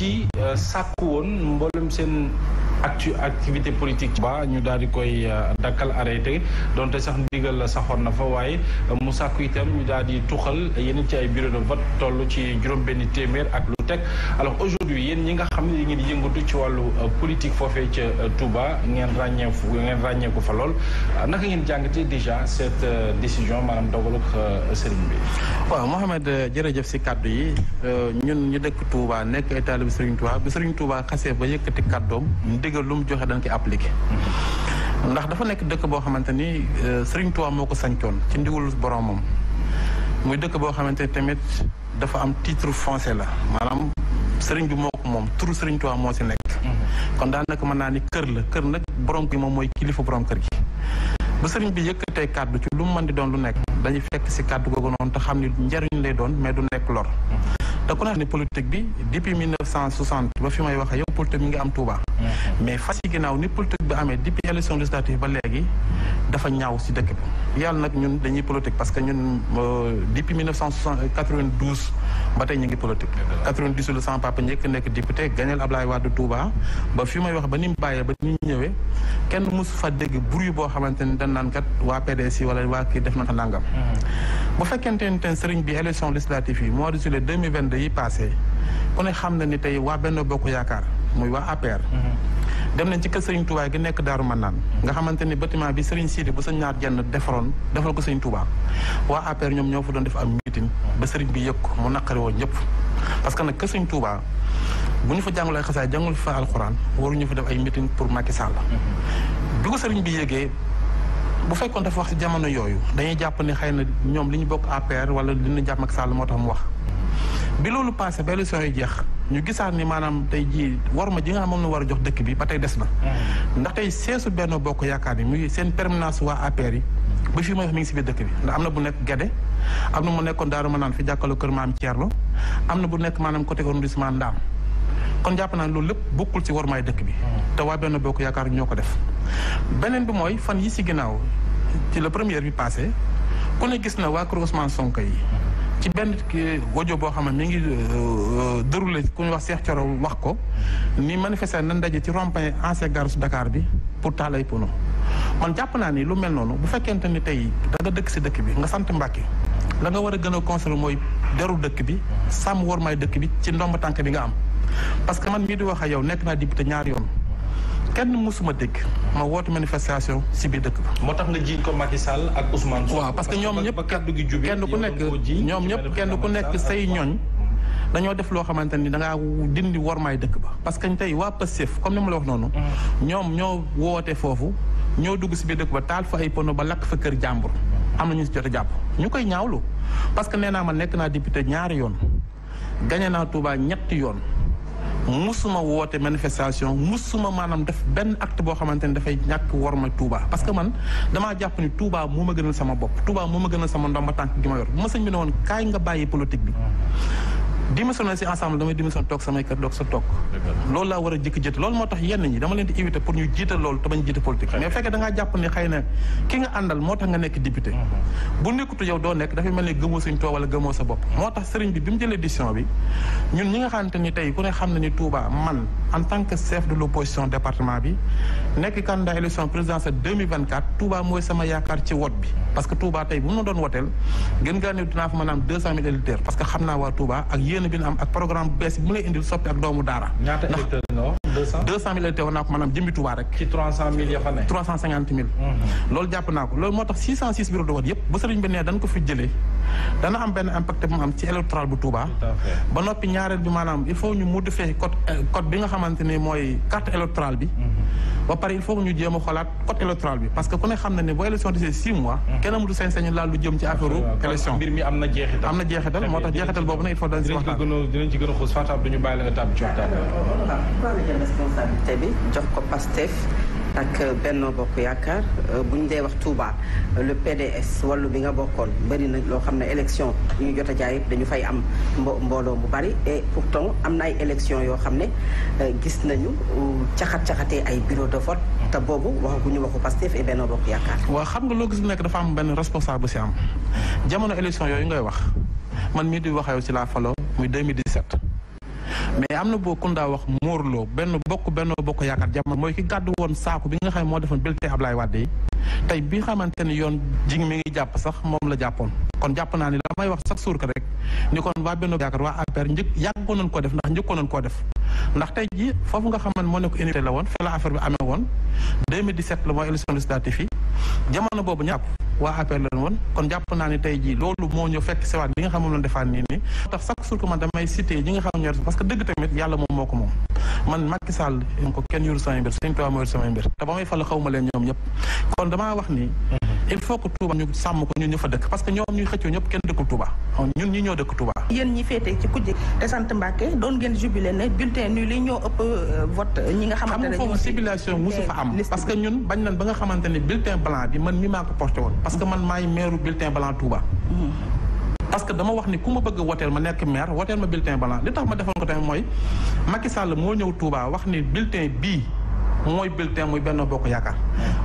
ci euh, sàkku woon mboolem seen actu activité politique ba ñu daal di koy euh, dakkal arrêté donte sax ndigal la saxoon na fa waaye euh, mu sàkku itam ñu daal di tuxal yeneen ci ay bureau de vote toll ci juróom benn téeméer ak lu teg alors aujourd'hui yéen ñi nga xam ne ngeen yëngatu ci wàllu euh, politique foofee ca Touba ngeen ràññeeku ngeen ràññeeku fa lool naka ngeen jàngatee déjà cette décision maanaam dogaluk sëriñ bi waaw Mohamed jërëjëf si kàddu yi ñun ñu dëkk Touba nekk ay taalibu Sëriñ Touba bi Sëriñ Touba xasee ba yëkkati kàddoom ndigal lu mu joxe dañ ko appliquer ndax dafa nek dëkk bo xamanteni euh, Serigne Touba moko ko sancoon ci ndigalu boromam muy dëkk bo xamanteni tamit dafa am titre foncé la manam Serigne bi moko mom tour turu Serigne Touba mo ci nek mhm. kon daanaka mën naa ni kër la kër nak borom gi mom moy kilifa borom kër gi. bu serigne bi yëkëté cadeau ci lu mu mënd di doon lu nek dañu fekk ci cadeau gogo non ta xamni ndariñ lay doon mais du nek lor. da ko na ni politique bi depuis 1960 ba fi may waxe yow politique mi nga am Touba. mais fas yi ginnaaw ni politique bi amee depuis élection législative ba léegi dafa ñaaw si dëkk bi yàlla nag ñun dañuy politique parce que ñun euh, depuis ba tey ñu ngi politique papa njëkk nekk député gañal Ablaye Wade Touba ba fi may wax ba ni bàyyee ba ni ñëwee kenn mosu fa dégg bruit boo xamante ni waa PDS yi wala waa kii def na fa nangam mm-hmm. bu fekkente ni ten sëriñ bi élection législative yi mois de juillet yi passé ku ne xam na ni tey waa benn muy wa APR. dem nañ ci kër Serigne Touba gi nek Daru Manan nga xamanteni bâtiment bi Serigne Sidi bu sa ñaar jenn nyom defal ko Serigne Touba wa APR ñom ñofu doon def am meeting ba Serigne bi yëg mu nakari wo ñep parce que nak kër Serigne Touba bu ñu fa jàngalee xasaay jangul fa waru ñu fa def ay meeting pour Macky Sall. bu ko Serigne bi yegge bu fekkon dafa wax ci jamono yoyu dañuy japp ni xeyna ñom liñu bok APR wala japp Macky Sall mu wax bi lolu passé ba lu jeex. ñu gisaat ni maanaam tey jii war ma ji nga xam moom la war a jox dëkk bi ba tey des na. Mm. ndax tey seesu benn bokk yaakaar ni muy seen permanence waa APR yi. ba fii mooy wax mi ngi si biir dëkk bi ndax am na bu nekk Guédé am na mu nekkoon Daaru Manaan fi jàkkaarloo kër maam Thierno am na bu nekk maanaam côté Ndaam kon jàpp naa loolu lépp bokkul si war maay dëkk bi. Mm. te waa benn bokk yaakaar ñoo ko def. beneen bi mooy fan yi si ginnaaw ci la première bi passé ku ne gis na waa kër Ousmane Sonko yi. Mm. ci benn audio boo xam ne mi ngi euh, déroulé ku ñu wax Cheikh Thioro wax ko ni manifester nan daje ci rond-point ancien gare su Dakar bi pour taal ay pono man jàpp naa ni lu mel noonu bu fekkente ni tey danga dëkk si dëkk bi nga sant Mbàkke la nga war a gën a conserver mooy deru dëkk bi sàmm war maay dëkk bi ci ndomb tànk bi nga am parce que man mii di wax ak yow nekk naa député ñaari yoon kenn mosuma dégg ma woote manifestation si biir dëkk bi. moo tax nga jiiñ ko Macky Sall ak Ousmane. waaw parce que ñoom ñëpp kaddu gi jubee kenn ku nekk ñoom ñëpp kenn ku nekk say ñooñ. dañoo def loo xamante ni dangaa dindi wormaay dëkk ba parce que tey waa Pastef comme ni ma la wax noonu. Mm. ñoom ñoo woote foofu ñoo dugg si biir dëkk ba taal fa ay pono ba lakk fa kër jàmbur. am na ñu si jot a jàpp ñu koy ñaawlu parce que nee naa ma nekk naa député ñaari yoon gañe naa Touba ñetti yoon. musuma woote manifestation musuma maanaam def benn act boo xamante ne dafay ñàkk worma Touba parce que man damaa jàpp ni Touba moo ma gënal sama bopp Touba moo ma gën a sama ndomba tànk gi ma yor bu ma sëñ bi ne woon kaay nga bàyyi politique bi démissionné ci ensemble damay démissionné tok samay kër dok sa tok lool la wara jëk jëkk lool motax yenn ñi dama leen di invité pour ñu jiital lool te bañ jiite politique mais fekk da nga japp ni xeyna ki nga andal motax nga nekk député mm-hmm. bu nekkutu yow do nekk dafa melni gëmo gëmoo to wala gëmo sa bop motax tax sëriñ bi bimu mu jëlee décision bi ñun ñi nga xamanteni tay ku ne xamna ni Touba man en tant que chef de l'opposition département bi nekk candidat élection présidentielle 2024 Touba mooy sama yaakaar ci wot bi parce que Touba tey bu ma doon woteel gën ngaa ne dinaa fa mën a am 200000 électeurs parce que xam naa waa Touba ak yéen bi na am ak programme bees bi mu lay indil soppi ak doomu daara. ñaata électeurs nga wax 200 200000 naa ko maanaam jëmbi Touba rek. Mhm. loolu jàpp naa ko loolu moo tax 606 bureaux de vote yëpp ba sëriñ bi ne dana am benn impact bu mu am ci électoral bu Touba. ba noppi ñaareel bi maanaam il faut ñu modifier code euh, cot bi nga xamante ni mooy carte électorale bi. Mm-hmm. ba pare il faut ñu jéem a xoolaat code électoral bi parce que ku ne xam na ne bu élection desee six mois. Mm-hmm. kenn amatu sañ-sañu laal lu jëm ci affaire élection mbir mi am na jeexital am na jeexital moo tax jeexital boobu nag il faut dañ si waxtaan. dinañ a xuus Fatou Abdou ñu bàyyi la nga euh, bi jox ko Pastef ak euh, Benno Bokk Yaakaar euh, buñ ñu dee wax Touba euh, le PDS wàllu bi nga bokkoon bëri na loo xam ne élection ñu jot a jaay yëpp dañu fay am mbo mbooloo bu bari et pourtant am na ay élection yoo xam ne gis nañu caxat-caxatee ay bureau de vote te boobu waxaguñu waxu Pastef et Benno Bokk Yaakaar. waaw xam nga loo gis nekk dafa am benn responsable bu si am jamono élection yooyu ngay wax man mii di wax yow ci la faloo muy 2017. mais am na boo Kounda wax Morlo benn bokk benn bokk yaakaar jamono mooy ki gàddu woon saako bi nga xam ne moo defoon bulletin Ablaye Wade yi tey bi nga xamante ni yoon jig mi ngi jàpp sax moom la jàppoon kon jàpp naa ni la may wax sax suur rek ni kon waa benn yaakaar waa APR njëkk yàggoon nañ koo def ndax njëkkoon nañ koo def ndax tey ji foofu nga xamante moo nekk unité la woon fii la affaire bi amee woon 2017 la mooy élection législative yi jamono boobu ñàpp waa APR lan woon kon jàpp naa ne tey jii loolu moo ñu fekk sewaat li nga xam moom la defaan nii nii tax chaque jour man damay cité ñi nga xam ñoo parce que dëgg tamit yàlla moom moo ko moom man Macky Sall ko kenn yoru sama mbir Sëñ Tuubaa moo yor sama mbir te may fal xaw ma leen ñoom ñëpp kon damaa wax ni il faut que Touba ñu sàmm ko ñun ñu fa dëkk parce que ñoom ñuy xëccoo ñëpp kenn dëkkul Touba oh, ñun ñi ñoo dëkk Touba. yéen ñi féetee ci kujje te sant Mbàkke doon ngeen jubilé ne bulletin nul li ñoo ëpp euh, vote ñi nga xamante ne foofu am parce que ñun bañ nañ ba nga xamante ne bulletin blanc bi man mi maa ko porté woon parce que man maay meeru bulletin blanc Touba mm-hmm. parce que dama wax ni ku ma bëgg woteel ma nekk maire woteel ma bulletin blanc li tax ma defoon ko tamit mooy Macky Sall moo ñëw Touba wax ni bulletin bii mooy bulletin muy benn bokk yaakaar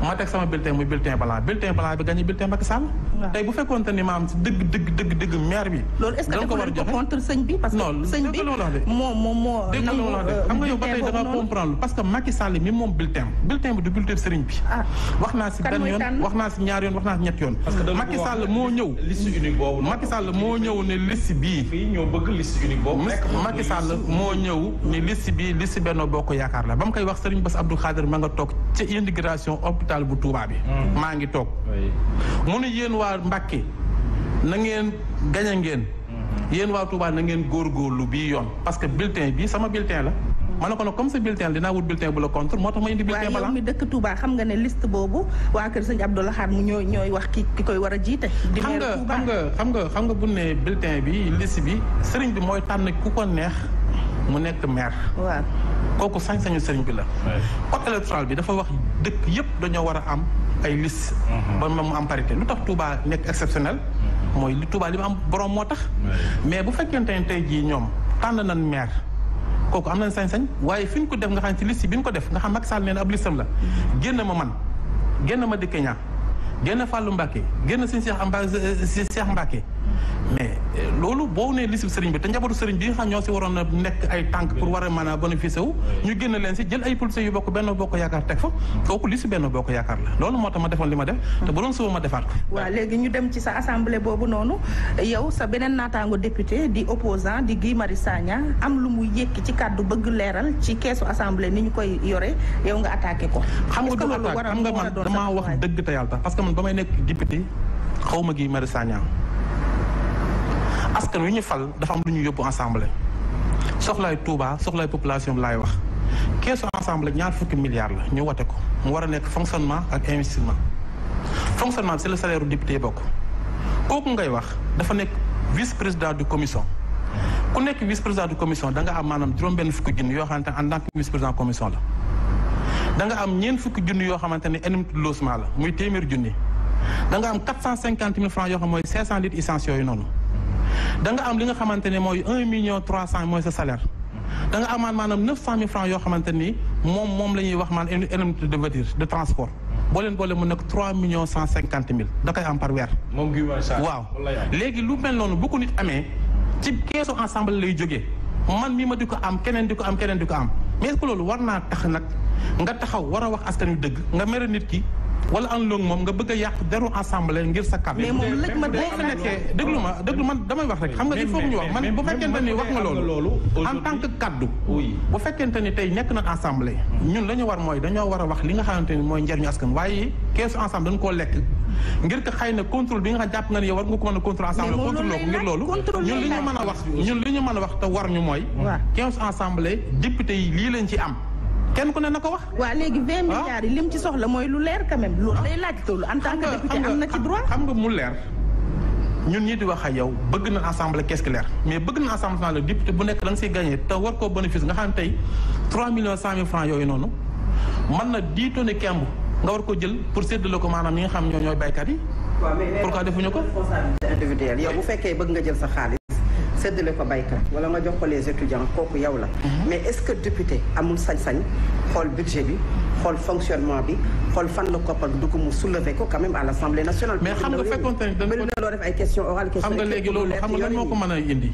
ma teg sama bulletin muy bulletin blanc bulletin blanc bi gagné bulletin Macky Sall. waaw bu fekkoon ni maam si deug deug deug dëgg maire bi. lolou est-ce que dafa ko a joxe contre sëñ bi. parce que sëñ bi moom moom mo dégg nga wax xam nga yow batay da nga comprendre parce que Macky Sall mi mom bulletin bulletin bi du bulletin sëriñ bi. Ah. wax naa ci benn yoon wax naa si ñaar yoon wax naa si ñett yoon. parce que Macky Sall moo ñëw. liste unique bobu Macky Sall moo ñëw ne liste bi fii ñoo bëgg liste unique boobu. Macky Sall mo ñëw ne liste bi liste Benno Bokk yaakar la bam kay wax serigne Bass Abdou Khadir ma nga toog ca immigration hôpital hôpital bu Touba bi. Hmm. maa ngi toog. mu ne yéen waa Mbacke na ngeen gañe ngeen. Hmm. yéen waa Touba na ngeen góorgóorlu bi yoon parce que bulletin bii sama bulletin la. Hmm. ma ne ko nag comme sa bulletin la dinaa wut bulletin bu la contre moo tax ma indi. bulletin balaa waaye yow mi dëkk Touba xam nga ne ki koy war a jiite. di xam nga xam nga xam nga xam bi liste bi sëriñ bi mooy tànn ku ko neex mu nekk maire. waaw kooku sañ-sañu sëriñ bi la. code électoral bi dafa wax dëkk yëpp dañoo war a am ay liste. Mm-hmm. ba mu am parité lu tax Touba nekk exceptionnel. Mm-hmm. mooy li Touba li mu am borom moo tax. mais bu fekkente ne tey jii ñoom tànn nañ maire. kooku am na sañ-sañ waaye fi ñu ko def nga xam ci liste bi ñu ko def nga xam Macky Sall nee na ab listam la. Mm-hmm. génn ma man génn ma dëkk ñaa génn Fallou Mbacké génn suñu Cheikh Mbacké Cheikh mais loolu boo nee liste sëriñ bi te njabootu sëriñ bi nga xam ñoo waroon a nekk ay tànk pour war a a bénéficier wu ñu leen si jël ay policiers yu bokk benn bokk yaakaar teg fa kooku liste benn bokk yaakaar la loolu moo tax ma defoon li ma def te bu doon ñu dem ci sa assemblée boobu noonu yow sa beneen naataango député di opposant di Guy Marius Sagna am lu mu yëkki ci kàddu bëgg leeral ci keesu assemblée ni ñu koy yore yow nga attaqué ko xam nga du attaque xam nga man damaa wax dëgg te yàlla tax parce que man ba may nekk député xaw ma Guy Marius Sagna askan wi ñu fal dafa am lu ñu yóbbu ensemble soxlaay Touba soxlaay population bi wax keesu ensemble ñaar fukki milliards la ñu wate ko mu wara nek fonctionnement ak investissement fonctionnement c'est le salaire du député bokk kooku ngay wax dafa nek vice président du commission ku nek vice président du commission da nga am manam juróom ben fukki jinn yo xamante ne en tant que vice président commission la da nga am ñeent fukki jinn yo xamante ne indemnité de la muy téeméer junni da nga am 450000 francs yo xam moy 500 litres essence yooyu noonu da nga am li nga xamante ne mooy un million trois cent mooy sa salaire da nga amaat maanaam neuf cent mille francs yoo xamante ni moom moom la ñuy wax maan indemnité de voiture de transport boo leen boole mu nekk trois millions cent cinquante mille da koy am par weer waaw léegi lu mel noonu bu ko nit amee ci keesu ensemble lay jógee man mii ma di ko am keneen di ko am keneen di ko am mais est loolu war naa tax nag nga taxaw war a wax askan wi dëgg nga mere nit ki wala en longue moom nga bëgg a yàq deru assemblée ngir sa kam moom lëj ma déglu ma déglu man damay wax rek xam nga il faut ñu wax man bu fekkente ni wax nga loolu en tant kaddu bu fekkente ni tey nekk na assemblée ñun la ñu war mooy dañoo war a wax li nga xamante ni mooy njariñu askan waaye keesu ensemble dañu koo lekk ngir ko xëy na contrôle bi nga xam jàpp nga ne yow war nga ko mën a contrôle assemblée contrôle loo ko ngir loolu ñun li ñu mën a wax ñun li ñu mën a wax te war ñu mooy keesu assemblée député yi lii lañ ci am kenn ko ne na ko wax. waaw léegi vingt ah. milliards yi lim ci soxla mooy lu leer quand même. loolu ah. day laaj loolu en tant que député am na ci droit. xam nga mu leer ñun ñii di wax ak yow bëgg na assemblée qu'est-ce leer mais bëgg na assemblée le député bu nekk da nga siy gagné te war koo bénéfice nga xam tey trois millions cent mille francs yooyu noonu man na dix tonnes kemb nga war ko jël pour séddale ko maanaam ñi nga xam ñoo ñooy baykat yi. pourquoi defuñu ko. yow bu fekkee bëgg nga jël sa xaalis séddale ko baykat wala ma jox ko les étudiants kooku yow la mhm. mais est-ce que député amul sañ-sañ le budget bi le fonctionnement bi le fan la koppar dugg mu soulever ko quand même à l'Assemblée nationale mais xam nga fekkoon bëri na loo def ay questions orales xam nga léegi loolu xam nga lan moo ko indi